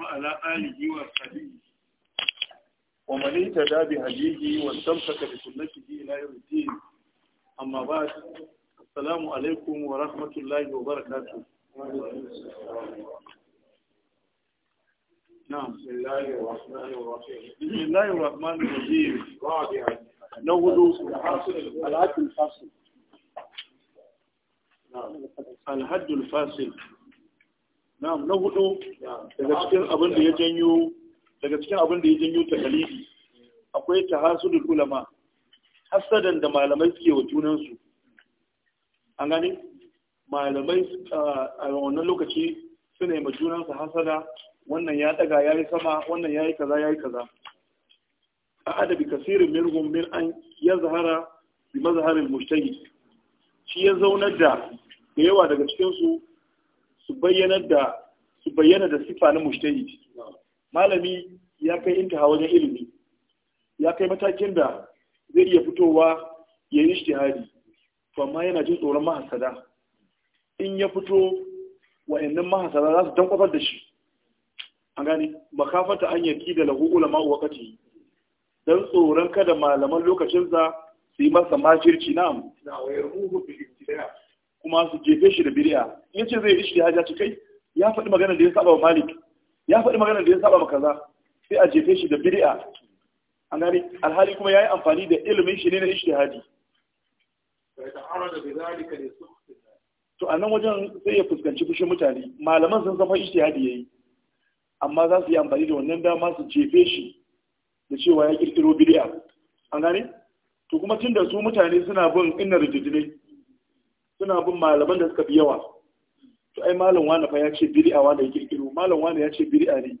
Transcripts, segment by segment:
وعلى آله وصحبه ومن اهتدى بهديه واستمسك بسنته إلى يوم الدين أما بعد السلام عليكم ورحمة الله وبركاته نعم بسم الله الرحمن الرحيم بسم الله الرحمن الرحيم رابعا نوضوا الحد الفاصل الحد الفاصل na'am na hudu daga cikin abin da ya janyo daga cikin abin da ya janyo takalidi akwai tahasudul ulama hasadan da malamai suke wa junansu an gani malamai a wannan lokaci suna yi junansu hasada wannan ya daga ya yi sama wannan ya yi kaza ya yi kaza a adabi kasirin mirgun min an ya zahara bi mazaharin mushtahi shi ya zaunar da da yawa daga cikinsu su bayyana da su bayyana sifa na mujtahid malami ya kai intaha wajen ilimi ya kai matakin da zai iya fitowa ya yi ijtihadi to amma yana jin tsoron mahasada in ya fito wa'annan mahasada za su dan kwafar da shi an gani makafata an yaki da lahu ulama wakati dan tsoron kada malaman lokacinsa su yi masa majirci na'am na wayar kuma su jefe shi da bid'a in ce zai rishi haja ci kai ya faɗi magana da ya saba wa malik ya faɗi magana da ya saba wa kaza sai a jefe shi da bid'a an gani alhali kuma ya yi amfani da ilimin shi ne na ijtihadi to a nan wajen sai ya fuskanci fushin mutane malaman sun san fa ya yi. amma za su yi amfani da wannan dama su jefe shi da cewa ya kirkiro bid'a an gani, to kuma tun da su mutane suna bin inna rijidinai suna bin malaman da suka fi yawa to ai malam wani fa ya ce biri'a wani ya kirkiro malam wani ya ce biri'a ne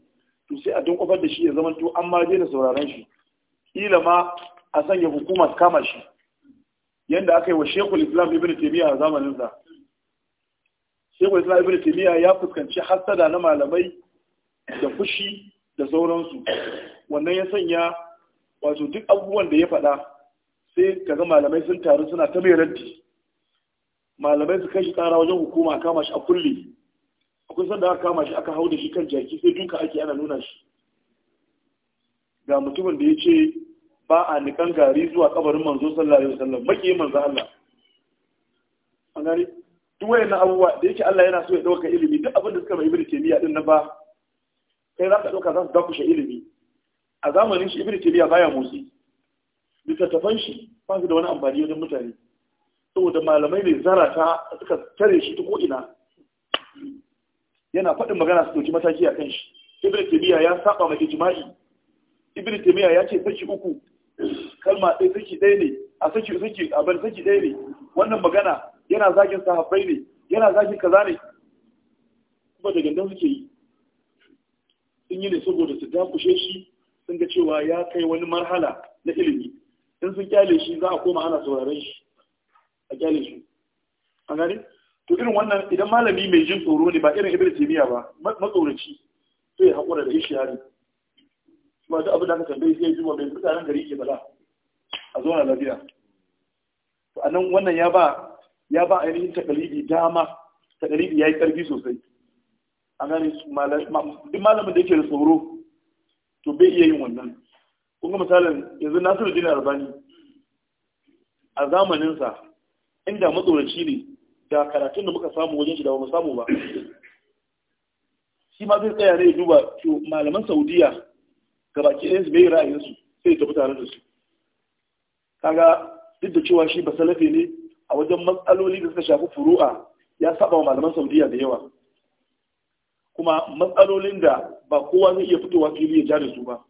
to sai a dunkufar da shi ya zama to an ma daina sauraron shi kila ma a sanya hukuma kama shi yanda aka yi wa shekul islam ibn taymiya a zamanin sa shekul islam ibn taymiya ya fuskanci hasada na malamai da fushi da sauransu wannan ya sanya wato duk abubuwan da ya faɗa sai kaga malamai sun taru suna ta mai raddi malamai su kai shi tsara wajen hukuma a kama shi a kulle akwai sanda aka kama shi aka hau da shi kan jaki sai duka ake ana nuna shi ga mutumin da ya ce ba a nikan gari zuwa kabarin manzo sallallahu alaihi wasallam maki manzo Allah an gari duk wani abubuwa da yake Allah yana so ya dauka ilimi duk abin da suka mai ibnu taymiya din na ba kai za ka dauka za su dakushe ilimi a zamanin shi ibnu taymiya baya motsi littattafan shi ba da wani amfani wajen mutane saboda malamai mai zarata suka tare shi ta ko'ina yana faɗin magana su doki mataki a kan shi ibn taimiyya ya saba ma jima'i. ibn taimiyya ya ce saki uku kalma ɗaya saki ɗaya ne a saki saki abin saki ɗaya ne wannan magana yana zagin sahabbai ne yana zagin kaza ne kuma da gandan suke yi sun yi ne saboda su dakushe shi sun ga cewa ya kai wani marhala na ilimi in sun kyale shi za a koma ana sauraron shi a kyale su an gane to irin wannan idan malami mai jin tsoro ne ba irin ibn jimiya ba matsoraci ya hakura da ne ba ta abin da aka tambaye sai zuba bai mutanen gari ke bala a zona lafiya to anan wannan ya ba ya ba ainihin takalibi dama takalibi yayi karfi sosai an gane duk malamin da yake da tsoro to bai iya yin wannan kun ga misalin yanzu jini Albani a zamaninsa inda matsoraci ne da karatun da muka samu wajen shi da ba mu samu ba shi ma zai tsaya ya duba to malaman saudiya ga baki ɗayan su bai ra'ayinsu sai tafi tare da su kaga duk da cewa shi basalafe ne a wajen matsaloli da suka shafi furu'a ya saba wa malaman saudiya da yawa kuma matsalolin da ba kowa zai iya fitowa fili ya ja da su ba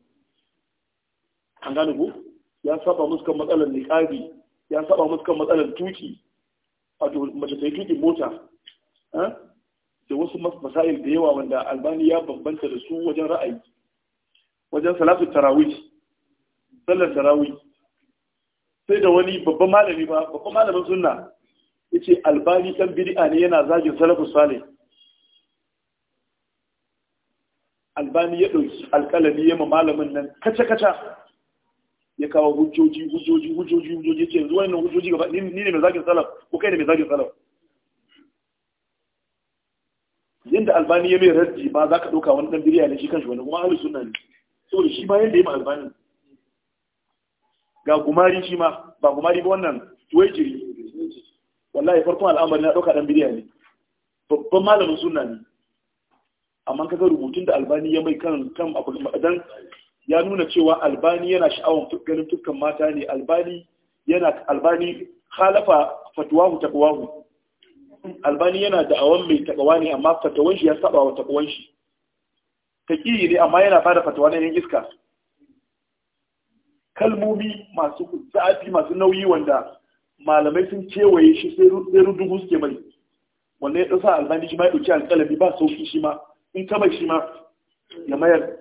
an gane ku ya saba musu kan matsalar niƙabi ya saba musu kan matsalar tuki wato mace ta yi tuƙin mota da wasu masayin da yawa wanda albani ya bambanta da su wajen ra'ayi wajen salatu tarawih sallar tarawih sai da wani babban malami ba babban malamin sunna ya ce albani ɗan bid'a ne yana zagin salafu salih albani ya ɗauki alƙalami ya ma malamin nan kaca-kaca ya kawo hujjoji hujjoji hujjoji hujjoji ce yanzu nan hujjoji gaba ni ne mai zagin salaf ko kai ne mai zagin salaf yanda albani ya mai raddi ba za ka ɗauka wani ɗan biriya ne shi shi wani kuma ahlus sunna ne saboda shi ma yanda ya ma albani ga gumari shi ma ba gumari ba wannan tuwaijiri wallahi farkon al'amari na ɗauka ɗan biriya ne babban malamin sunna ne amma kaga rubutun da albani ya mai kan kan abu dan ya nuna cewa albani yana sha'awar ganin dukkan mata ne albani yana albani halafa fatuwahu taqwahu albani yana da awan mai taqwa ne amma fatuwan shi ya saba wa taqwan shi taqi ne amma yana fara fatawa ne yan iska kalmomi masu zafi masu nauyi wanda malamai sun kewaye shi sai rudugu suke mai wanda ya ɗasa albani shi ma ya ɗauki alƙalami ba sauƙi shi ma in kama shi ma ya mayar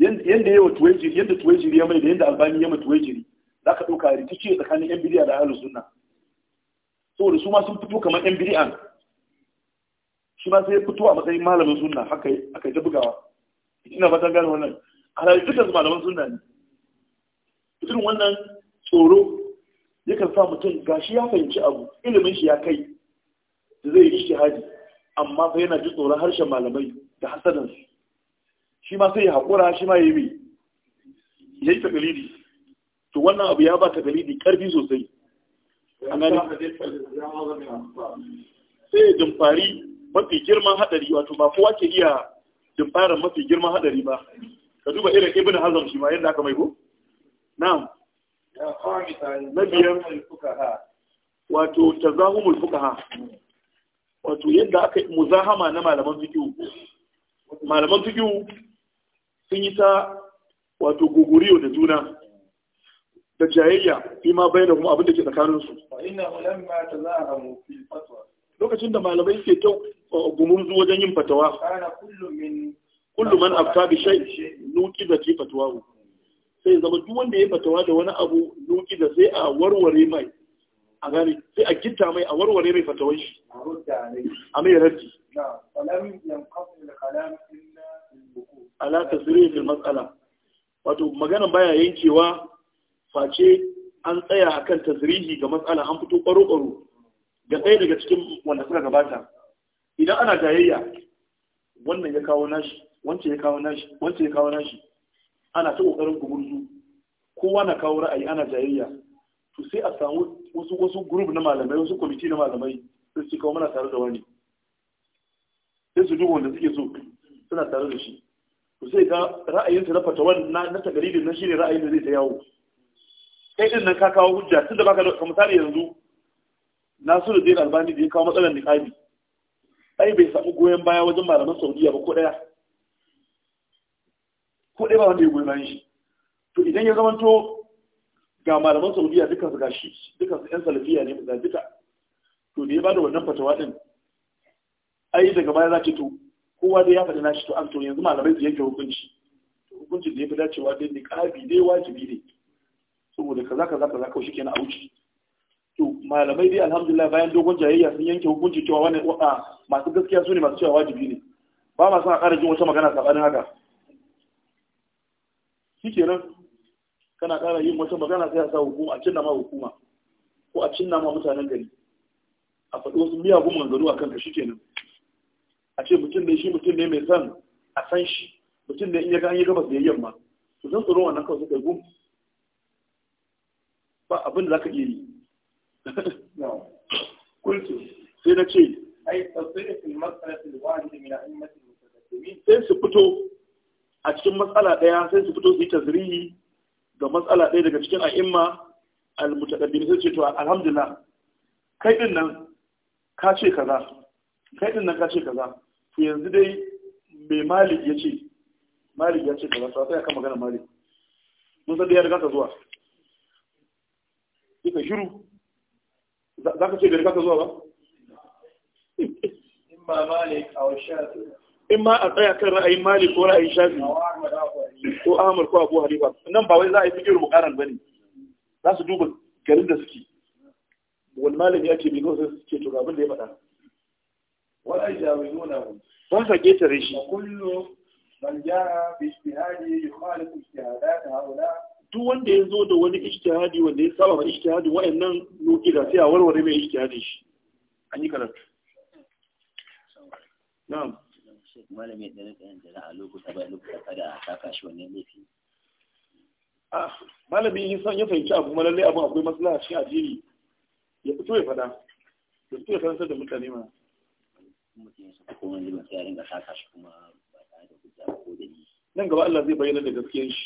yanda yawa tuwajiri yanda jiri ya mai da yanda albani ya mai jiri za ka ɗauka rikici tsakanin yan bidiya da ahalus sunna saboda su ma sun fito kamar yan bidiyan shi ma sai ya fito a matsayin malamin sunna haka aka ta bugawa ina fatan gane wannan alhali su malaman sunna ne irin wannan tsoro yakan sa mutum gashi ya fahimci abu ilimin shi ya kai da zai yi shi amma fa yana ji tsoron harshen malamai da hasadansu shi ma sai ya haƙura shi ma ya yi ya yi takalidi to wannan abu ya ba takalidi ƙarfi sosai a gani sai ya dimfari mafi girman haɗari wato ba kowa ke iya dimfarin mafi girman haɗari ba ka duba irin ibn hazam shi ma yadda aka mai ko na'am na biyar wato ta tazahumul ha? wato yadda aka muzahama na malaman fikiyu malaman fikiyu sun yi ta wato guguriyo da juna da jayayya fi ma bai da kuma abin da ke tsakaninsu. Lokacin da malamai ke ta gumurzu wajen yin fatawa, kullum man afta bi shai nuki da ce fatawa sai zama duk wanda ya fatawa da wani abu nuki da sai a warware mai a gane sai a gitta mai a warware mai fatawai shi a mai raddi. ala tasrih fil mas'ala wato magana baya yankewa face an tsaya akan tasrihi ga matsala an fito ƙwaro ƙwaro ga ɗaya daga cikin wanda suka gabata idan ana jayayya wannan ya kawo nashi wance ya kawo nashi wance ya kawo nashi ana ta ƙoƙarin gumurzu kowa na kawo ra'ayi ana jayayya to sai a samu wasu wasu group na malamai wasu kwamiti na malamai sai su kawo mana tare da wani sai su duk wanda suke so suna tare da shi zai sai ga ra'ayinsa na fatawan na na tagaridin nan shine ra'ayin da zai ta yawo kai din nan ka kawo hujja tun da baka da misali yanzu Nasiru Zain Albani da ya kawo matsalar niqabi ai bai samu goyon baya wajen malaman Saudiya ba ko daya ko dai ba wanda ya goyi bayan shi to idan ya zamanto ga malaman Saudiya duka su gashi duka su yan salafiya ne ga duka to da ya bada wannan fatawa din ai daga baya za ki to kowa dai ya faɗi nashi to an to yanzu malamai su yanke hukunci hukuncin da ya fi dacewa dai ne ƙabi dai wajibi ne saboda kaza kaza kaza kawai shi kenan a wuce to malamai dai alhamdulillah bayan dogon jayayya sun yanke hukunci cewa wani masu gaskiya su ne masu cewa wajibi ne ba ma son a ƙara jin wata magana saɓanin haka shi kenan kana ƙara yin wata magana sai a sa hukuma a cinna ma hukuma ko a cinna ma mutanen gari a faɗi wasu miyagun maganganu a kanka shi kenan a ce mutum ne shi mutum ne mai son a san shi mutum ne in ya ga an yi gabas da yamma to zan tsoron wannan kawai suka gum ba abin da za ka iya yi kultu sai na ce sai su fito a cikin matsala daya sai su fito su yi tazrihi ga matsala daya daga cikin a'imma al-mutaqaddimin sai ce to alhamdulillah kai din nan ka ce kaza kai din nan ka ce kaza to yanzu dai mai malik ya ce malik ya ce kaza to sai aka magana malik mun san da ya rigata zuwa zuwa ka shiru za ka ce da rigata zuwa ba in ma malik a shafi in ma a tsaya kan ra'ayin malik ko ra'ayin shafi ko amur ko abu hanifa nan ba wai za a yi bukaran ba ne. za su duba garin da suke wani malami ake ke bigo sai suke to abin da ya faɗa wala yajawizunahu ba sa ketare shi kullu man jaa bi ijtihadi yukhalifu ijtihadat haula duk wanda ya zo da wani ijtihadi wanda ya saba ma ijtihadin wayannan nukila sai a warware mai ijtihadin shi an yi karatu na'am malami ya tsare tsayin jana a lokuta bai lokuta kada a saka shi wannan laifi ah, malami yin son ya fahimci abu malallai abu akwai maslaha shi a jiri ya fito ya fada ya fito ya karantar da mutane ma mutum ya saka komai liman sai ya ringa saka shi kuma ba tare da hujja ko dalili nan gaba Allah zai bayyana da gaskiyar shi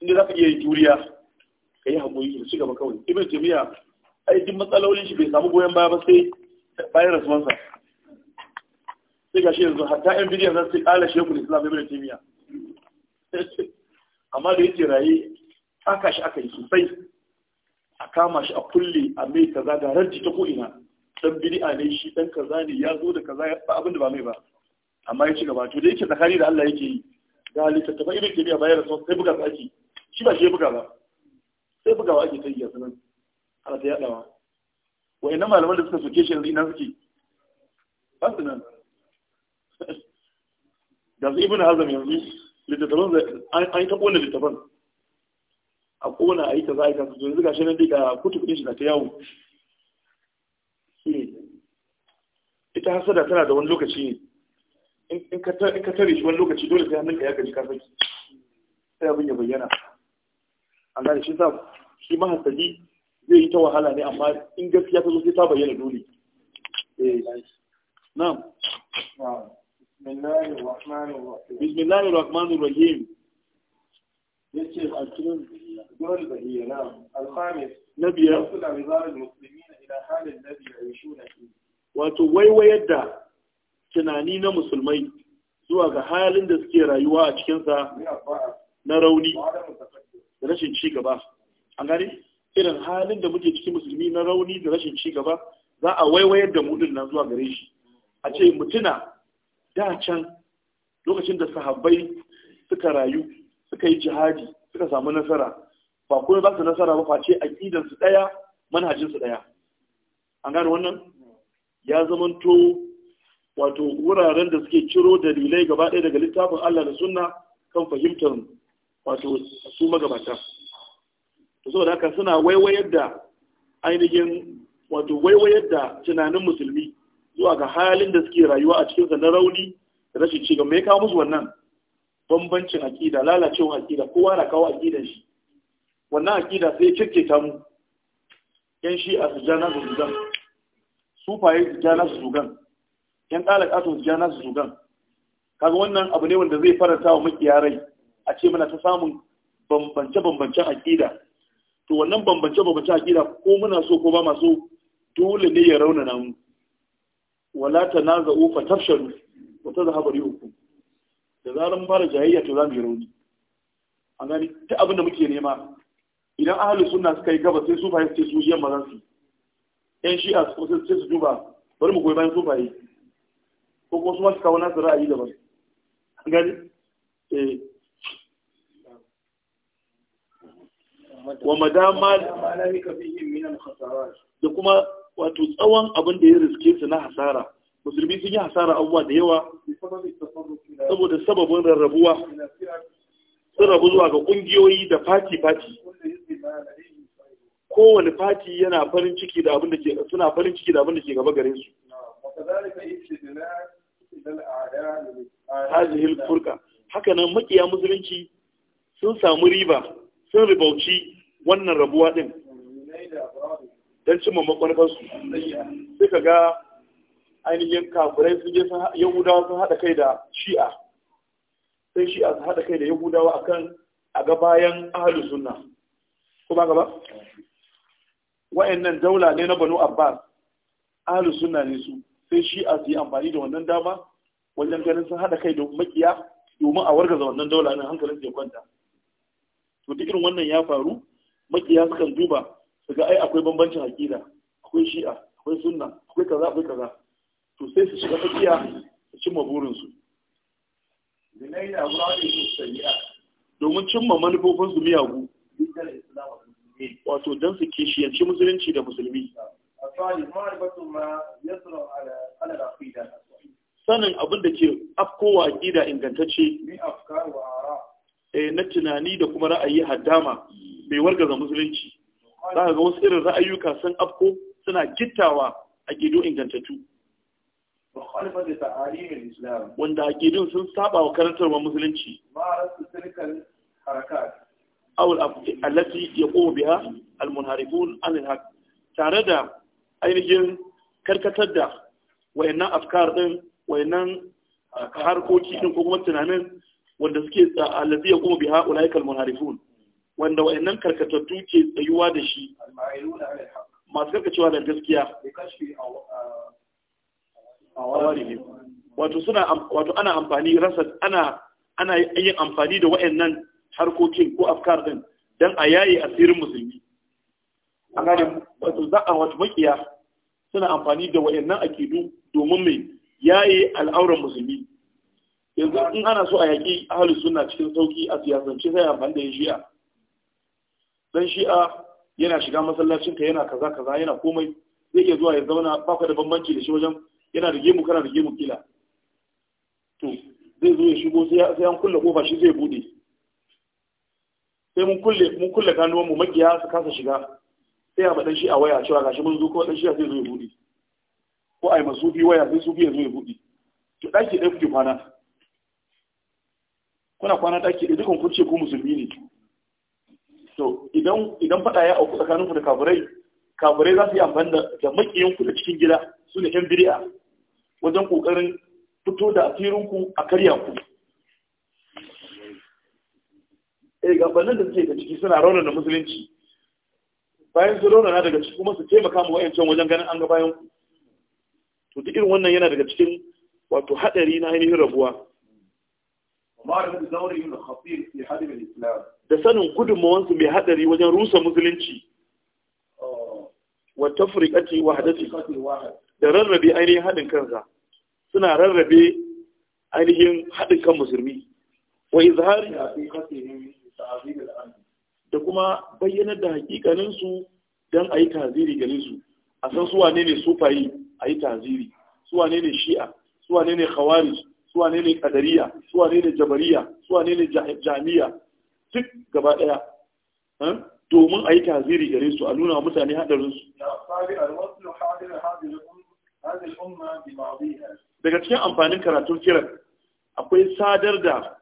inda zaka iya yi juriya ka yi haƙuri ka ci gaba kawai ibn jami'a ai duk matsalolin shi bai samu goyon baya ba sai bayan rasuwansa sai ga shi yanzu hatta yan bidiyan za su ƙala shekul islam ibn jami'a amma da yake raye aka shi aka yi sosai a kama shi a kulle a mai kaza da rarji ta ko'ina dan bid'a ne shi dan kaza ne ya zo da kaza ya ba abin da ba mai ba amma ya ci gaba to da yake zakari da Allah yake yi Da ga littattafan irin jami'a bayar rasu sai buga su ake shi ba shi buga ba sai bugawa ake ta yi sanan Allah ana ta yadawa wa'annan malaman da suka soke shi yanzu ina suke ba su nan da su ibn hazam yanzu littattafan an yi ta kona littattafan a kona a yi ta za a yi ta su yanzu ga shi nan dai ga kutu kudin shi ta yawo ita hasada tana da wani lokaci ne in ka tare shi wani lokaci dole sai hannunka ya gaji kafin sai abin ya bayyana an gane shi sa shi mahasali zai yi ta wahala ne amma in gaskiya ta zo sai ta bayyana dole eh, na'am bismillahir rahmanir rahim yace al-kirim dole da iya na'am al-khamis nabiya rasul al-muslimin ila halin nabi yashuna fihi wato waiwayar da tunani na musulmai zuwa ga halin da suke rayuwa a cikinsa na rauni da rashin ci an gani irin halin da muke cikin musulmi na rauni da rashin cigaba za a waiwayar da mudun nan zuwa gare shi a ce mutuna da can lokacin da sahabbai suka rayu suka yi jihadi suka samu nasara ba kuma za su nasara ba face aqidan su daya ɗaya daya an gane wannan ya zamanto wato wuraren da suke ciro dalilai gaba ɗaya daga littafin Allah da sunna kan fahimtar wato su magabata to saboda haka suna waiwayar da ainihin wato waiwayar da tunanin musulmi zuwa ga halin da suke rayuwa a cikinsa na rauni da rashin ci gaba ya kawo musu wannan bambancin aƙida lalacewar aƙida kowa na kawo aƙidan shi wannan aƙida sai ya ta mu yan shi a sujana da sufaye su ja nasu zugan yan ƙalaƙato su ja nasu zugan kaga wannan abu ne wanda zai faranta wa makiya rai a ce muna ta samun bambance-bambancen aƙida to wannan bambance-bambancen aƙida ko muna so ko ba masu dole ne ya rauna mu wala ta na ga ufa tafsharu wata za bari uku da zarar fara jayayya to za mu yi rauni A gani ta abin da muke nema idan ahalin suna suka yi gaba sai su ce su yamma za su yi yan shi'a su sai su duba bari mu goyi bayan sufaye ko kuma su masu kawo nasu ra'ayi daban gani eh. wa madama da kuma wato tsawon abin da ya riske su na hasara musulmi sun yi hasara abubuwa da yawa saboda sababin rarrabuwa sun rabu zuwa ga kungiyoyi da fati-fati kowane fati yana farin ciki da abin da ke suna farin ciki da abin da ke gaba gare su haka nan makiya musulunci sun samu riba sun ribauci wannan rabuwa din don cimma makwarfar sai ka ga ainihin kafirai sun je yahudawa sun haɗa kai da shi'a sai shi'a sun haɗa kai da yahudawa akan a ga bayan ahlus sunna ko ba ka ba wa'annan daula ne na banu abbas ahlus sunna ne su sai shi a su yi amfani da wannan dama wajen ganin sun haɗa kai da makiya domin a wargaza wannan daula ne hankalin su ya kwanta to duk irin wannan ya faru makiya sukan duba su ga ai akwai bambancin aƙida akwai shi'a akwai sunna akwai kaza akwai kaza to sai su shiga tsakiya su cimma burinsu domin cimma su miyagu wato don su kishiyanci musulunci da musulmi sanin abin da ke afkowa gida ingantacce eh, na tunani da kuma ra'ayi haddama bai wargaza musulunci za ka ga wasu irin ra'ayuka sun afko suna gittawa a gido ingantattu wanda a gidon sun saba wa karantarwa musulunci awul allati yaqumu biha almunharifun an alhaq tare da ainihin karkatar da wayannan afkar din wayannan harkoki din ko kuma tunanin wanda suke allazi yaqumu biha ulaika almunharifun wanda wayannan karkatattu ke tsayuwa da shi masu karkacewa da gaskiya wato ana amfani yin amfani da wayannan harkokin ko afkar din dan a yaye asirin musulmi an gane wato za a wata makiya suna amfani da wayannan akidu domin mai yaye al'auran musulmi yanzu in ana so a yaki ahlus sunna cikin sauki a siyasance sai amfani da shi'a dan shi'a yana shiga masallacin ka yana kaza kaza yana komai zai iya zuwa ya zauna ba ka da bambanci da shi wajen yana da gemu kana da mu kila to zai zo ya shigo sai an kulle kofa shi zai bude sai mun kulle mun kulle ganuwan mu makiya su kasa shiga sai a badan shi a waya cewa gashi mun zo ko dan shi sai zo ya budi ko ai masufi waya sai sufi ya zo ya budi to daki dai kuke kwana kuna kwana daki dai dukan kun ce ku musulmi ne to idan idan fada ya auku tsakanin ku da kafirai kafirai za su yi amfani da makiyin ku da cikin gida su ne yan bid'a wajen kokarin fito da asirin ku a karya ku eh gabanin da suke da ciki suna da musulunci bayan su raunar daga ciki kuma su taimaka ma wayancan wajen ganin an ga bayan ku to duk irin wannan yana daga cikin wato hadari na ainihin rabuwa da sanin gudunmawansu mai hadari wajen rusa musulunci wa tafriqati hadati da rarrabe ainihin haɗin kansa suna rarrabe ainihin haɗin kan musulmi wa izhari da kuma bayyanar da hakikanin su dan ayi taziri gare su a san su wane ne sufayi ayi taziri su wane ne shi'a su wane ne khawarij su wane ne qadariya su wane ne jabariya su wane ne jami'a duk gaba daya eh, domin ayi taziri gare su a nuna mutane hadarin daga cikin amfanin karatun kiran akwai sadar da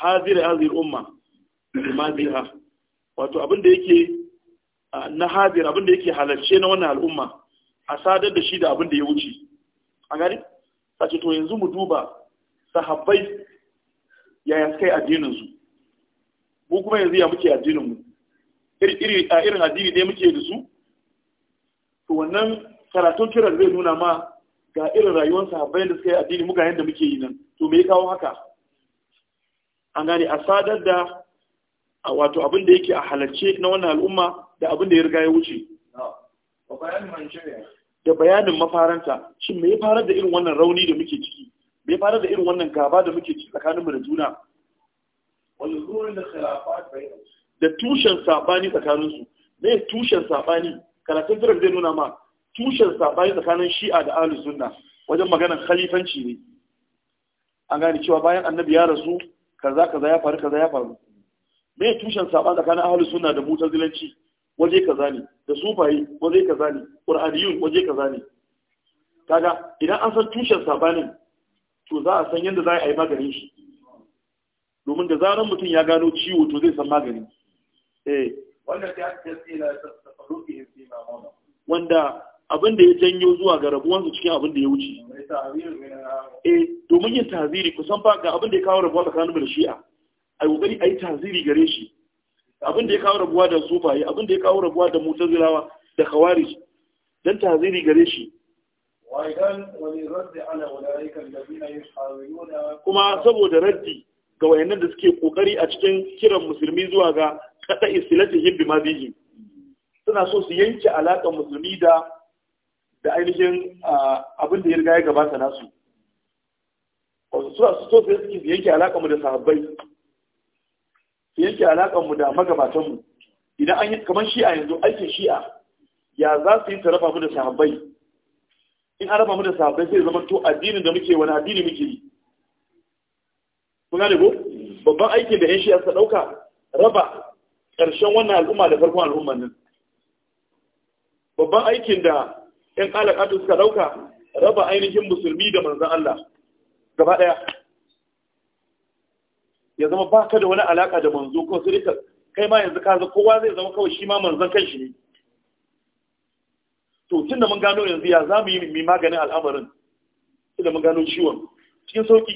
hadir hazir umma limaziha wato abin da yake na hadir abin da yake halarce na wannan al'umma a sadar da shi da abin da ya wuce a gani sace to yanzu mu duba sahabbai yaya suka yi addinin su mu kuma yanzu ya muke addinin mu a irin addini ɗaya muke da su to wannan karatun kiran zai nuna ma ga irin rayuwar sahabbai da suka yi addini muka yadda muke yi nan to me ya kawo haka an gane a sadar da wato abin da yake a halarce na wannan al'umma da abin da ya riga ya wuce da bayanin mafaranta shin me ya farar da irin wannan rauni da muke ciki me ya farar da irin wannan gaba da muke ciki tsakanin mu da juna da tushen sabani tsakanin su me tushen sabani karatun jiran zai nuna ma tushen sabani tsakanin shi'a da ahlus sunna wajen maganar khalifanci ne an gane cewa bayan annabi ya rasu kaza kaza ya faru kaza ya faru me tushen saba tsakanin ahlus sunna da mutazilanci waje kaza ne da sufayi waje kaza ne qur'aniyun waje kaza ne kaga idan an san tushen ne to za a san yadda za a yi maganin shi domin da zarar mutum ya gano ciwo to zai san magani eh wanda ta tsira ta tsaruki fi ma'ana wanda abin da ya janyo zuwa ga su cikin abin da ya wuce eh domin yin taziri kusan ba ga abin da ya kawo rabuwa tsakanin da shi'a a kokari a yi taziri gare shi abin da ya kawo rabuwa da sufaye abin da ya kawo rabuwa da mutazilawa da khawarij dan taziri gare shi kuma saboda raddi ga wayannan da suke kokari a cikin kiran musulmi zuwa ga kada hibbi ma biji suna so su yanke alaƙar musulmi da da ainihin abin da ya riga ya gabata nasu wasu suna so su yanke alaƙar mu da sahabbai yanke alaƙar mu da magabatan mu idan an yi kamar shi'a yanzu aikin shi'a ya za su yi ta raba mu da sahabbai in an raba mu da sahabbai sai zama to addinin da muke wani addini muke yi kun gane ko babban aikin da yan shi'a suka ɗauka raba ƙarshen wannan al'umma da farkon al'umman nan babban aikin da yan ƙalaƙatu suka ɗauka raba ainihin musulmi da manzan Allah gaba ɗaya ya zama ba ka da wani alaka da manzo ko sai ka kai ma yanzu ka kowa zai zama kawai shi ma manzon kanshi ne to da mun gano yanzu ya za mu yi maganin al'amarin da mun gano ciwon cikin sauki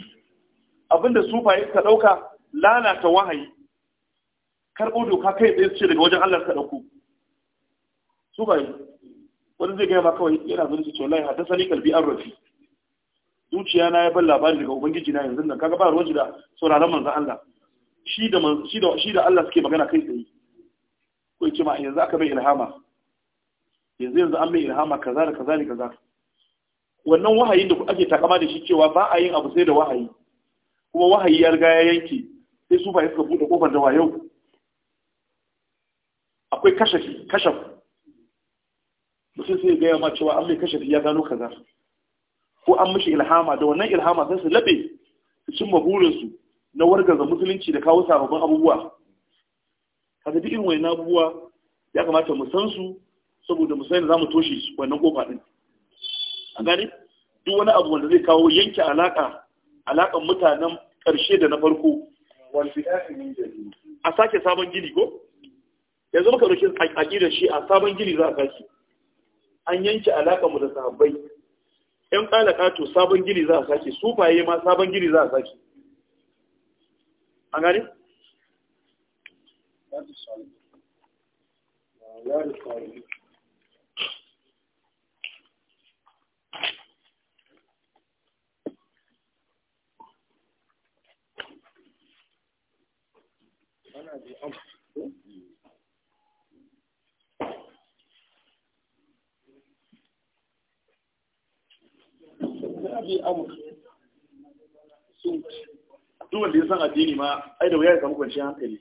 abinda sufaye ka dauka lalata wahayi karɓo doka kai tsaye su ce daga wajen Allah ka dauko sufaye wani zai gaya ma kawai yana zuwa su ce wallahi haddasa ni kalbi an rafi zuciya na ya bar labari daga ubangiji na yanzu nan kaga ba ruwan shi da sauraron manzon Allah shi da shi da shi da Allah suke magana kai tsaye ko yace ma yanzu aka bai ilhama yanzu yanzu an bai ilhama kaza da kaza ne kaza wannan wahayin da ake takama da shi cewa ba a yin abu sai da wahayi kuma wahayi ya riga ya yanke sai su ba suka bude kofar da wayo akwai kashafi kashafi mutum sai ya gaya ma cewa an mai kashafi ya gano kaza ko an mishi ilhama da wannan ilhama sai su labe su cimma burinsu na wargaza musulunci da kawo sababbin abubuwa Ka duk irin wannan abubuwa ya kamata mu san su saboda mu san za mu toshe wannan kofa din an gane duk wani abu wanda zai kawo yanke alaka alakan mutanen karshe da na farko a sake sabon gini ko yanzu muka dauki aqidar shi a sabon gini za a sake an yanke alakan mu da sahabbai ‘yan ɗalaka to sabon gini za a sake sufaye ma sabon gini za a sake an gani? you. min abi amr duk wanda ya san addini ma ai da wuya ya samu kwanciyar hankali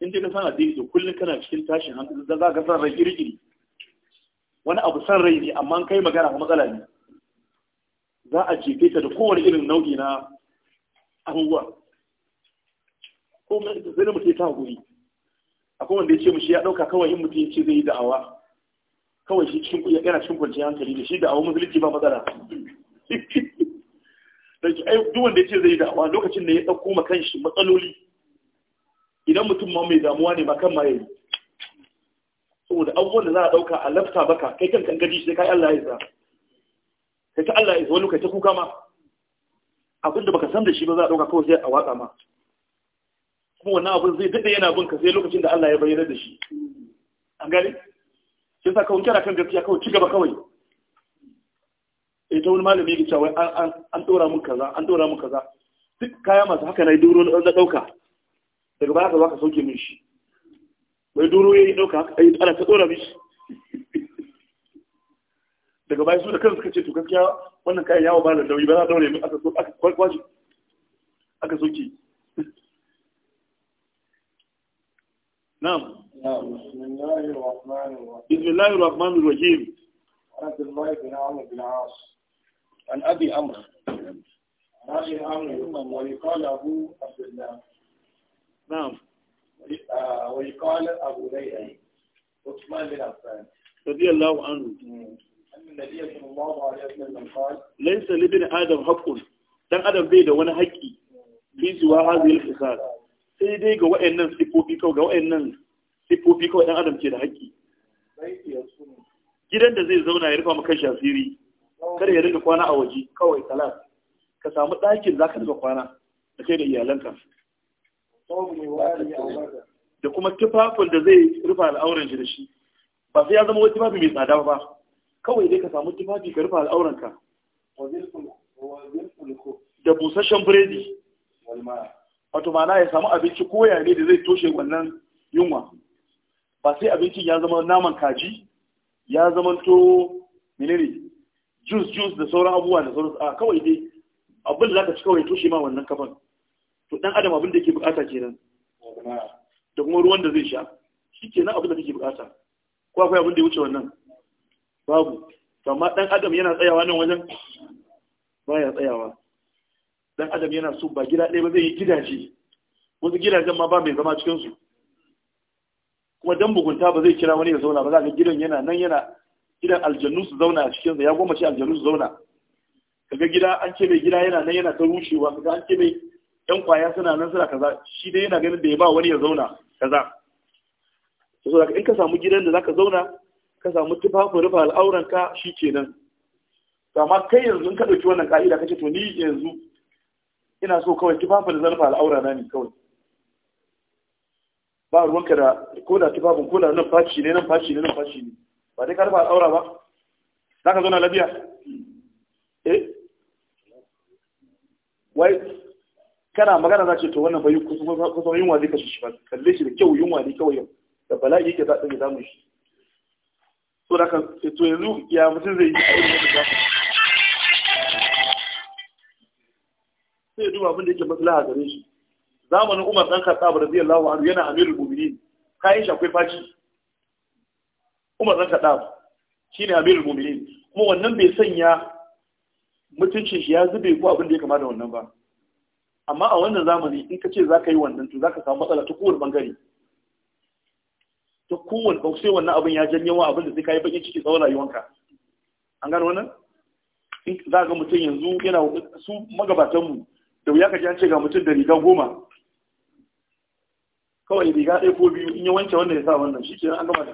in dai ka san addini to kullum kana cikin tashin hankali za ka san rai girgiri wani abu san rai ne amma kai magana kuma matsala ne za a jefe ta da kowane irin nau'i na abubuwa ko mai zai mutum ta hakuri akwai wanda ya ce mushi ya ɗauka kawai in mutum ya ce zai yi da'awa kawai shi yana cikin kwanciyar hankali da shi da awon musulunci ba matsala sai ai duk wanda yace zai da'awa lokacin da ya dauko ma kanshi matsaloli idan mutum ma mai damuwa ne ba kan ma yayi saboda abubuwan da za a dauka a lafta baka kai kan gaji sai kai Allah ya sa kai ta Allah ya isa wani kai ta kuka ma abinda baka san da shi ba za a dauka kawai sai a watsa ma kuma wannan abin zai dade yana bin ka sai lokacin da Allah ya bayyana da shi an gane shi sa kawai kyara kan gaskiya kawai ci gaba kawai ita eh, ta wani malami ya cewa an an dora mun kaza an dora mun kaza duk kaya masu haka nayi duro na dauka daga baya ka ka sauke min shi wai duro yayi dauka haka ai ana ta dora mishi daga baya su da kansu ce to gaskiya wannan kayan yawo ba da nauyi ba za a daure min aka so aka aka soke نعم بسم الله الرحمن الرحيم بسم الله الرحمن الرحيم عبد الله بن عمرو بن العاص عن أبي عمرو عن أبي عمرو ويقال أبو عبد الله نعم ويقال أبو ليلى عثمان بن عفان رضي الله عنه أن النبي صلى الله عليه وسلم قال ليس لابن آدم حق دان آدم بيد وانا حقي في سوى هذه الخصال sai dai ga waɗannan sifofi kawai ga wa'annan sifofi kawai ɗan adam ce da haƙƙi gidan da zai zauna ya rufa maka shafiri kada ya dinga kwana a waje kawai salat ka samu ɗakin za ka dinga kwana da kai da iyalanka da kuma tufafin da zai rufa al'auran shi da shi ba sai ya zama wani tufafi mai tsada ba kawai dai ka samu tufafi ka rufa al'auranka da busasshen biredi wato mana ya samu abinci ko ne da zai toshe wannan yunwa ba sai abincin ya zama naman kaji ya zama to menene juice juice da sauran abubuwa da sauran a kawai dai abin da zaka ci kawai toshe ma wannan kafan to dan adam abin da yake bukata kenan da kuma ruwan da zai sha shikenan abin da yake bukata ko akwai abin da ya wuce wannan babu amma dan adam yana tsayawa nan wajen baya tsayawa dan adam yana so ba gida ɗaya ba zai yi gidaje wasu gidajen ma ba mai zama cikin su kuma dan bugunta ba zai kira wani ya zauna ba za ka gidan yana nan yana gidan aljannu su zauna a cikin sa ya goma shi aljannu su zauna kaga gida an ce mai gida yana nan yana ta rushewa kaga an ce mai yan kwaya suna nan suna kaza shi dai yana ganin da ya ba wani ya zauna kaza to so in ka samu gidan da zaka zauna ka samu tufafin rufe al'auranka shi kenan amma kai yanzu in ka ɗauki wannan ka'ida ka ce to ni yanzu ina so kawai tufafin da zarfa al'aura na ne kawai ba ruwanka da ko da tufafin ko da nan faci ne nan faci ne nan faci ne ba dai ka al'aura ba za ka zauna lafiya eh wai kana magana za ce to wannan bayu kusan yin zai kashe shi ba kalle shi da kyau yin ne kawai yau da bala'i yake za ta damun shi so da ka to yanzu ya mutum zai yi a irin wani sai duba abin da yake maslaha gare shi zamanin Umar dan Khattab radiyallahu anhu yana amirul mu'minin kai shi akwai faci Umar dan Khattab shine amirul mu'minin kuma wannan bai sanya mutuncin shi ya zube ko abin da ya kamata wannan ba amma a wannan zamani in ka ce za ka yi wannan to za ka samu matsala ta kowane bangare ta kowane ba sai wannan abin ya janye wa abin da sai kai bakin ciki tsawon rayuwanka an gano wannan in za ga mutum yanzu yana su magabatanmu da wuya ka an ce ga mutum da riga goma kawai riga ɗaya ko biyu in ya wanke wannan ya sa wannan shi ke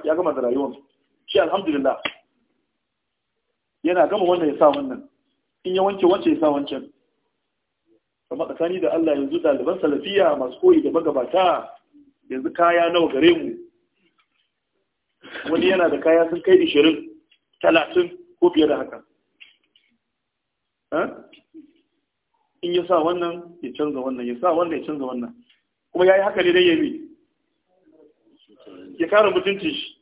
ya gama da rayuwa. shi alhamdulillah yana gama wannan ya sa wannan in ya wanke wancan ya sa wancan amma tsakani da Allah yanzu ɗaliban salafiya masu koyi da magabata yanzu kaya nawa gare mu wani yana da kaya sun kai ishirin talatin ko fiye da haka in ya sa wannan ya canza wannan ya sa wannan ya canza wannan kuma ya yi haka ne dai ya yi ya kara mutuncin shi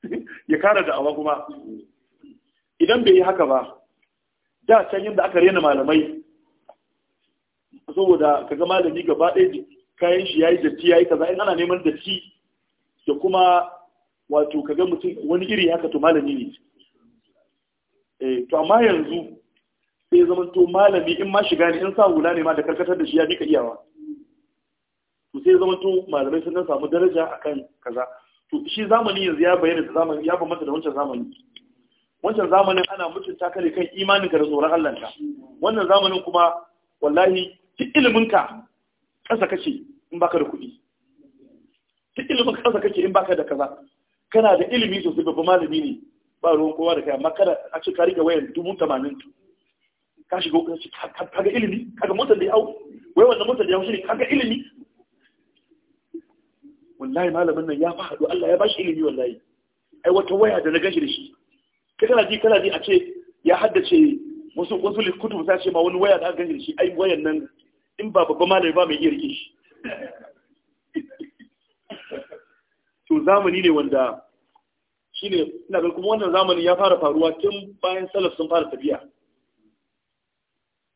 ya kara da'awa kuma idan bai yi haka ba da can yadda aka rena malamai saboda ka ga malami gaba ɗaya kayan shi ya yi datti ya yi kaza in ana neman datti da kuma wato ka ga mutum wani iri haka to malami ne eh, to amma yanzu sai zama to malami in ma shiga ne in sa hula ne ma da karkatar da shi ya mika iyawa to sai zama to malamai sun samu daraja akan kaza to shi zamani yanzu ya bayyana da zamani ya bambanta da wancan zamani wancan zamanin ana mutunta ka ne kan imaninka da tsoron Allah ka wannan zamanin kuma wallahi duk ilimin ka kasa kace in baka da kuɗi duk ilimin ka kasa kace in baka da kaza kana da ilimi sosai babban malami ne ba ruwan kowa da kai amma kada a ce ka wayar wayan dubu tamanin ka shiga hukunci kaga ilimi kaga motar da ya hau wai wanda motar da ya hau shi ne kaga ilimi wallahi malamin nan ya fa Allah ya bashi ilimi wallahi ai wata waya da na gashi da shi kai kana ji kana ji a ce ya haddace wasu wasu kutubu ta ce ma wani waya da aka gashi da shi ai wayan nan in ba babban malami ba mai iya rike shi to zamani ne wanda shine ina ga kuma wannan zamani ya fara faruwa tun bayan salaf sun fara tafiya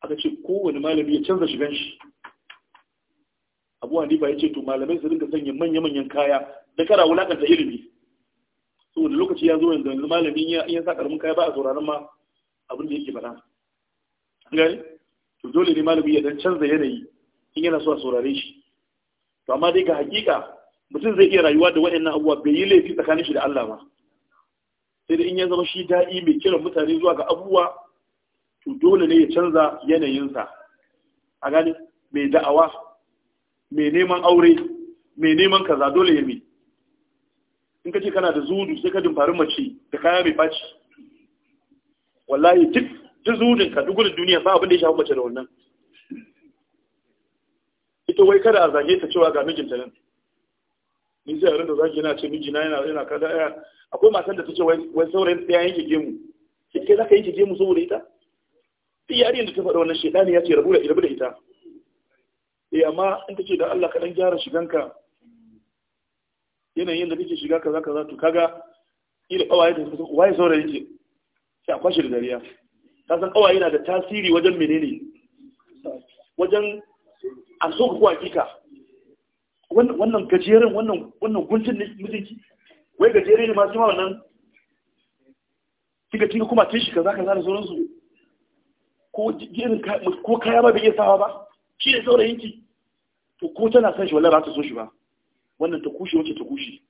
aka ce kowane malami ya canza shigan shi ne ba ya ce to malamai su rinka sanya manya-manyan kaya da kara wulakanta ilimi saboda lokaci ya zo yanzu yanzu malami ya sa karamin kaya ba a sauraron ma abin da yake bana. gani to dole ne malami ya dan canza yanayi in yana so a saurare shi to amma dai ga hakika mutum zai iya rayuwa da waɗannan abubuwa bai yi laifi tsakanin shi da Allah ba sai da in ya zama shi daɗi mai kiran mutane zuwa ga abubuwa to dole ne ya canza yanayinsa a gani mai da'awa mai neman aure mai neman kaza dole ya mi in ka ce kana da zudu sai ka dimfari mace da kaya mai faci wallahi duk zudun ka duk gudun duniya ba abin da ya shafi mace da wannan ita wai kada a zage ta cewa ga mijinta nan ni zai a da zage yana ce mijina yana yana kada akwai matan da ta ce wai saurayin ya yanke gemu sai za ka yanke gemu saboda ita duk da ta faɗa wannan shaidani ya ce rabu da rabu da ita eh amma in kace da Allah ka dan gyara shiganka yanayin da kake shiga kaza kaza to kaga ila kawaye da su waye saurayin ki sai a kwashi da dariya ka san kawaye na da tasiri wajen menene wajen a so ku hakika wannan gajeren wannan wannan guntun ne mutunci wai gajeren ne ma sai ma wannan kika kika kuma tishi kaza kaza da sauransu ko kaya ba bai iya sawa ba shi da ne saurayinki to ko tana san shi wallahi ba ta so shi ba wannan ta kushe wacce ta kushe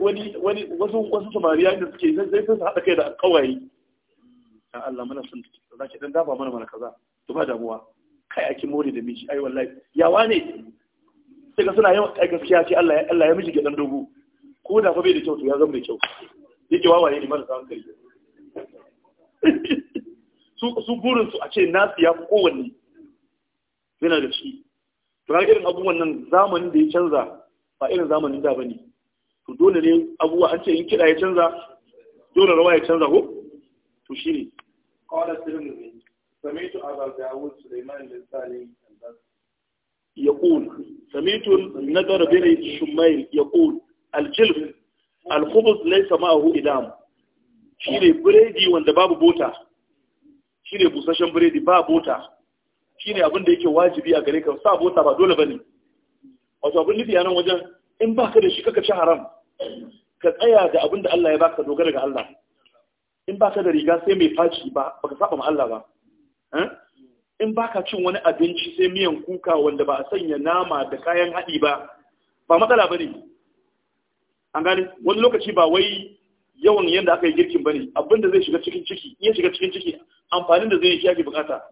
wani wasu samariya da suke zai sun haɗa kai da kawai dan Allah mana sun za ki dan dafa mana mana kaza to ba damuwa kai ake more da miji ai wallahi ya wane sai ga suna yawan kai gaskiya ce Allah ya Allah ya miji ga dan dogo ko da fa bai da kyau to ya zama da kyau yake wawaye ne marasa hankali su su burin su a ce nasu ya fi kowanne yana da shi to ga irin abubuwan nan zamanin da ya canza ba irin zamanin da bane to dole ne abubuwa an ce in kida ya canza dole rawa ya canza ko to shine قال الترمذي سمعت ابا داود سليمان بن سالم يقول سمعت النذر بن شميل يقول الجلف الخبز ليس معه إدام shine biredi wanda babu bota shine busasshen biredi ba bota shine abin da yake wajibi a gare ka sa bota ba dole bane wato abin nufi a nan wajen in baka da shi kaka ci haram ka tsaya da abin da Allah ya baka dogara ga Allah in ba ka da riga sai mai faci ba ba ka saba ma Allah ba eh? in ka cin wani abinci sai miyan kuka wanda ba a sanya nama da kayan haɗi ba ba matsala ba ne an gane wani lokaci ba wai yawan yadda aka yi girkin ba ne abin da zai shiga cikin ciki iya shiga cikin ciki amfanin da zai yi shi bukata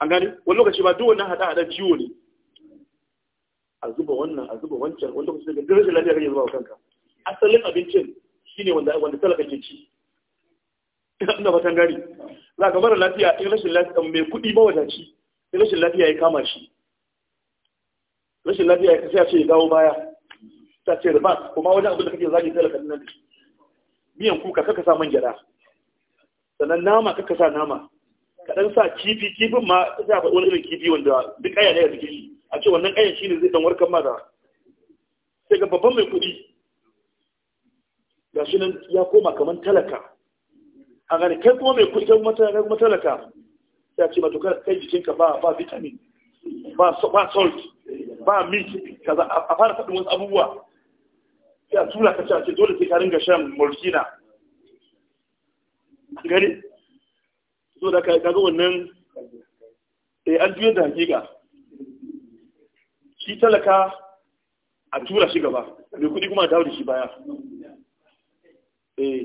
an gane wani lokaci ba duk wannan haɗa-haɗa ciwo ne a zuba wannan a zuba wancan wani lokaci daga dirashin lafiya kake zuba wa kanka asalin abincin shine wanda wanda talaka ke ci ina ba gari. za ka mara lafiya in rashin lafiya mai kuɗi ba wadaci in rashin lafiya ya kama shi rashin lafiya ya sai ce ya dawo baya ta ce ba kuma wajen abin da kake zagi talaka nan miyan kuka kaka sa man gyada sannan nama kaka sa nama kaɗan sa kifi kifin ma ta sa wani irin kifi wanda duk ƙaya ne ya jikin shi a ce wannan ƙayan shi ne zai ɗan warkar ma sai ga babban mai kuɗi ga shi nan ya koma kamar talaka a gani kai kuma mai kuɗi kai kuma talaka ya ce mata kai jikinka ba ba vitamin ba ba salt ba mint, kaza a fara faɗin wasu abubuwa ya tura ka ce dole sai ka ringa shan morfina gani so da ka ga wannan eh an juyar da hakika shi talaka a tura shi gaba mai kuɗi kuma a dawo da shi baya eh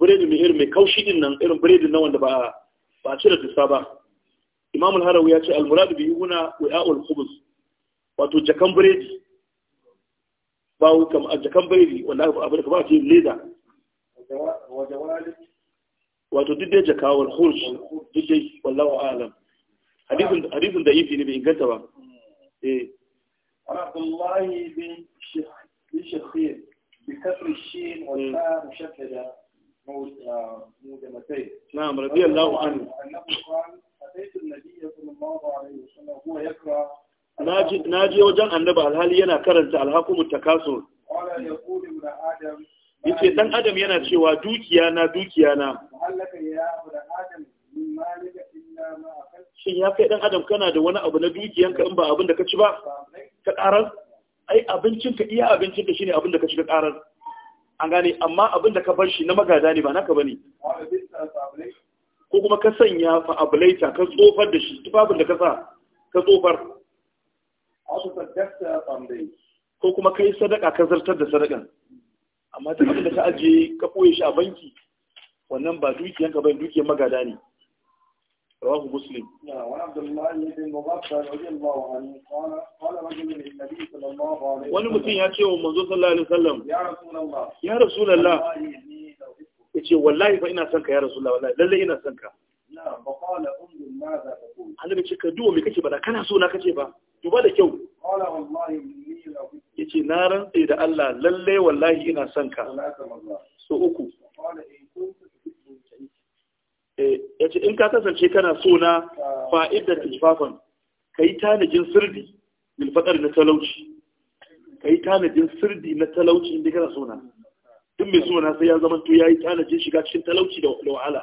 biredi mai irin mai kaushi din nan irin biredin nan wanda ba ba cire dusa ba imam harawi ya ce almuradu muradu bi yuna wa'ul khubuz wato jakan biredi ba wu kam jakan biredi wanda abin da ba ce leda wato duk dai jaka wal khurj duk dai wallahu a'lam hadithun hadithun da yifi ne bai inganta ba eh Abdullahi bin Shakhir بكسر na je wajen annaba alhali yana karanta alhakumu takasur yace dan adam yana cewa dukiya na dukiya na shin ya kai dan adam kana da wani abu na dukiyanka in ba abin da ka ci ba ka karar ai abincinka iya abincinka shine abin da ka shiga karar an gane amma abin da ka bar shi na magada ne ba naka bane ko kuma ka sanya fa ablaita ka tsofar da shi tufafin da ka sa ka tsofar ko kuma kai sadaka ka zartar da sadakan amma duk abin da ka ajiye ka koye shi a banki wannan ba dukiyanka ba dukiyar magada ne رواه مسلم وعن الله بن مغفر رضي الله عنه قال قال رجل للنبي صلى الله عليه وسلم wani mutum ya ce wa manzo sallallahu alaihi wasallam ya rasulullah ya yace wallahi fa ina son ka ya rasulullah wallahi lalle ina son ka na'am fa qala unzur madha taqul ce ka duwa me kake bada kana so na kace ba duba da kyau qala wallahi yace na rantse da Allah lalle wallahi ina son ka so uku Eh, ya ce in ka kasance kana so na fa'idda tufafan, ka yi tanajin sirdi milfaɗar na talauci ka yi tanajin sirdi na talauci inda kana so na tun mai so na sai ya zama to ya yi tanajin shiga cikin talauci da wahala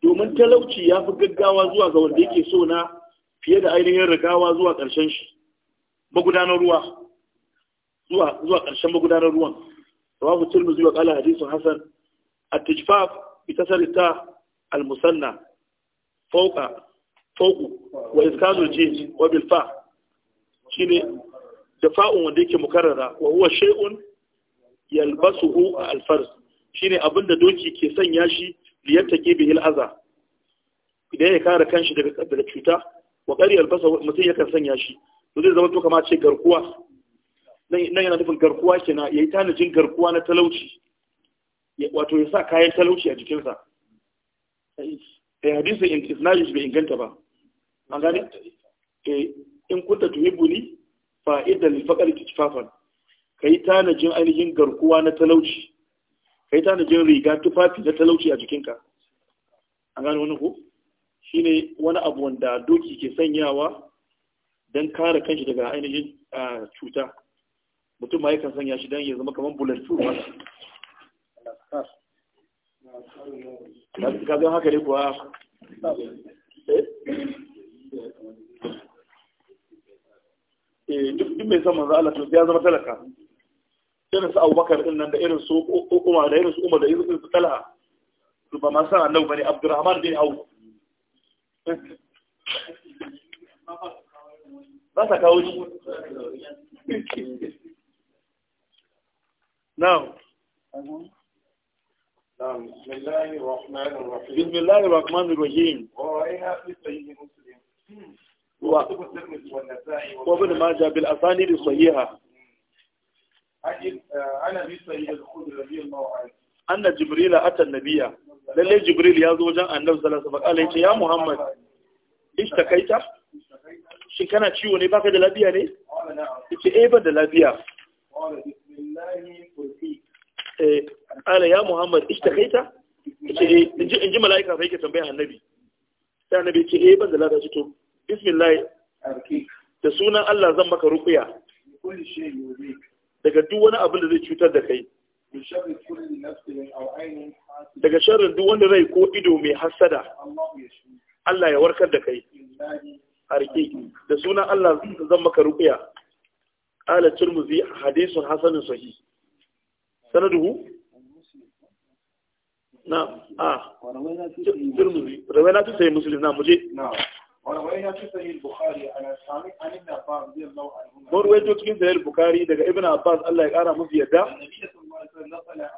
domin talauci ya fi gaggawa zuwa ga wanda yake so na fiye da ainihin rigawa zuwa ƙarshen shi magudanar ruwa zuwa ƙarshen magudanar ruwan rawahu tirmidhi wa ƙala hadisun hasan التجفاف بكسر التاء المثنى فوق فوق وإسكان الجيم وبالفاء شيني دفاء وديك مكررة وهو شيء يلبسه الفرس shine abin da doki ke sanya shi liyattake bihil aza idan ya kare kanshi daga daga cuta wa ƙari albasa mutum yakan sanya shi to zai zama to kama ce garkuwa nan yana nufin garkuwa kenan yayi tanajin garkuwa na talauci wato ya sa kayan talauci a jikinsa eh hadisin isnadin bai inganta ba an gane eh in kunta tuhibbuni fa idda lil faqri Ka yi tanajin ainihin garkuwa na talauci Ka yi tanajin riga tufafi na talauci a jikinka an gane wani ku. Shi ne wani abu wanda doki ke sanyawa don kare kanshi daga ainihin ah, cuta mutum ma yakan sanya shi don ya zama kamar bulletproof ka zan haka ne kuwa eh, duk mai son manzo Allah to ya zama talaka irin su Abubakar din nan da irin su Umar da irin su Umar da irin su Talha to ba ma san annabi bane Abdurrahman bin Auf ba sa kawo shi now نعم، بسم الله الرحمن الرحيم بسم الله الرحمن الرحيم وابن ماجه بالأسانيد الصحيحة آه، عن أن جبريل أتى النبي للي جبريل يا جاء أن صلى الله عليه يا محمد اشتكيت shin kana ciwo ne baka da lafiya ne? Ita eh ban da lafiya. ala ya muhammad ishtakaita ce eh, in ji in ji malaika fa yake tambaya annabi sai annabi ce eh ban da lada shi to bismillah da sunan Allah zan maka ruqya daga duk wani abin da zai cutar da kai daga sharrin duk wanda zai ko ido mai hasada Allah ya warkar da kai harki da sunan Allah zan maka ruqya ala tirmidhi hadithun hasanun sahih sanaduhu نعم آه وروينا في سيد مسلم نعم مجيء نعم وروينا في سيد البخاري عن سامي عن ابن عباس رضي الله عنهما ابن عباس الله مفي يدا النبي صلى الله عليه وسلم على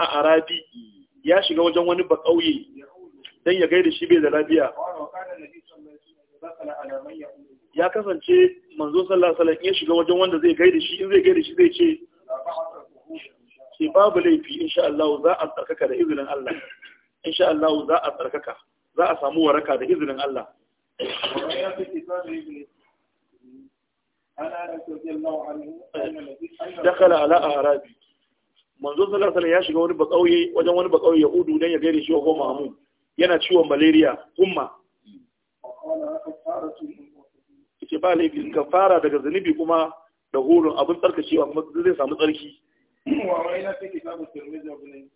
عربي من dan ya gaida shi bai da lafiya ya kasance manzo sallallahu alaihi wasallam ya shiga wajen wanda zai gaida shi in zai gaida shi zai ce sai babu laifi insha Allah za a tsarkaka da izinin Allah insha Allah za a tsarkaka za a samu waraka da izinin Allah dakala ala arabi manzo sallallahu alaihi ya shiga wani bakauye wajen wani bakauye ya udu dan ya gaire shi ko mamu yana ciwon malaria umma ce ba laifin fara daga zunubi kuma da horon abin tsarkacewa kuma zai samu tsarki Eh. Tamamu في كتاب الترمذي وابن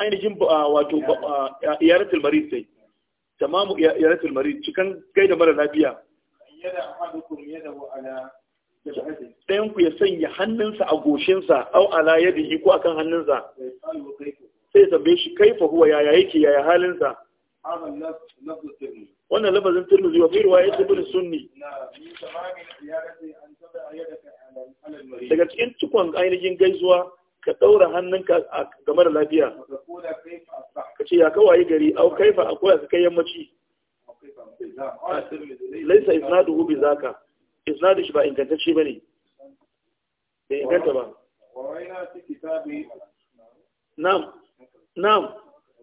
ainihin wato iyaratul marid sai tamamu iyaratul marid cikan gaida mara lafiya ɗayan ku ya sanya hannunsa a goshinsa au ala yadihi ko akan hannunsa sai ya tambaye shi kaifa huwa yaya yake yaya halinsa wannan lafazin turmuzi wa fi riwayat bin sunni daga cikin cikon ainihin gaisuwa ka daura hannunka game da lafiya ka ce ya kawai gari au kaifa akwai ka kai yammaci ah, laisa isnaduhu Hubi, zaka isnadu shi ba ingantacce ne bai inganta ba na'am na'am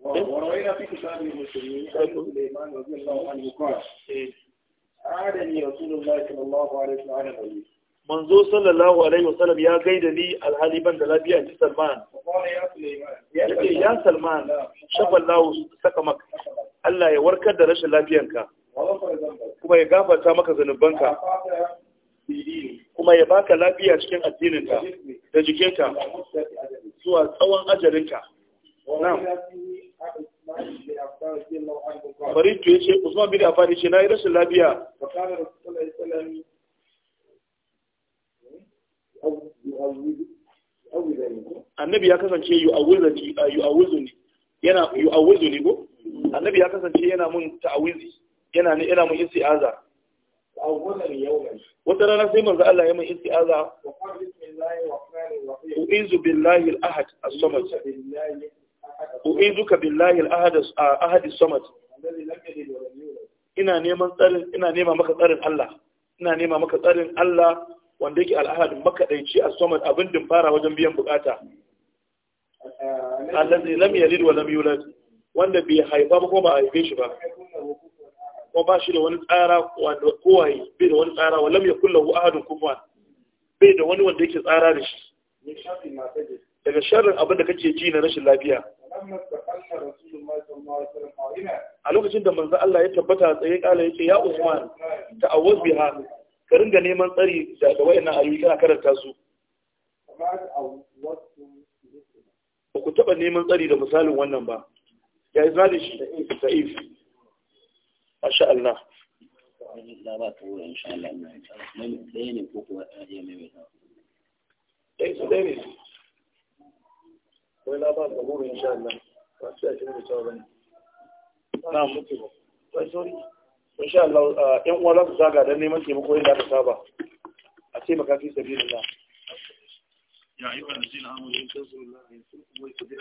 وروينا في كتاب المسلمين عن manzo sallallahu alaihi wasallam ya gaida ni alhali ban da lafiya ji Salman ya ce ya Salman shafallahu saka maka Allah ya warkar da rashin lafiyanka kuma ya gafarta maka zanubanka kuma ya baka lafiya cikin addininka da jikinka zuwa tsawon ajalinka na'am Baritu ya ce, Usman bin Affan ce, na yi rashin labiya Annabi ya kasance yi awuzu ne, yana yi awuzu ne ko? Annabi ya kasance yana mun ta'awizi, yana ne yana mun isti'aza. Wata rana sai manzo Allah ya mun isti'aza. U'izu billahi al-ahad as-samad. u'izuka billahi al-ahad samad ina neman tsarin ina nema maka tsarin Allah ina nema maka tsarin Allah wanda yake al-ahad makadaici a samad abin din fara wajen biyan bukata allazi lam yalid wa lam yulad wanda bai haifa ba ko ba haife shi ba ko ba shi da wani tsara wanda kowaye bai da wani tsara wa lam yakul lahu ahadun kufuwan bai da wani wanda yake tsara da shi daga sharrin abin da kake ji na rashin lafiya a lokacin da manzan Allah ya tabbata tsaye kala ce ya Usman ta'awwaz biha ka ringa neman tsari da wayannan ayoyi kana karanta su ba ku taba neman tsari da misalin wannan ba ya yi zali shi da if masha Allah ɗaya ne ko kuwa ɗaya ne wai laba da huru insha Allah ba su yashin da cewa bane na mutu ba wai sori insha Allah uh, yan uwa za su zaga don neman taimako yadda aka saba a ce makafi sabilillah ya ayyuka da zina amuru in tanzu Allah ya sun kuma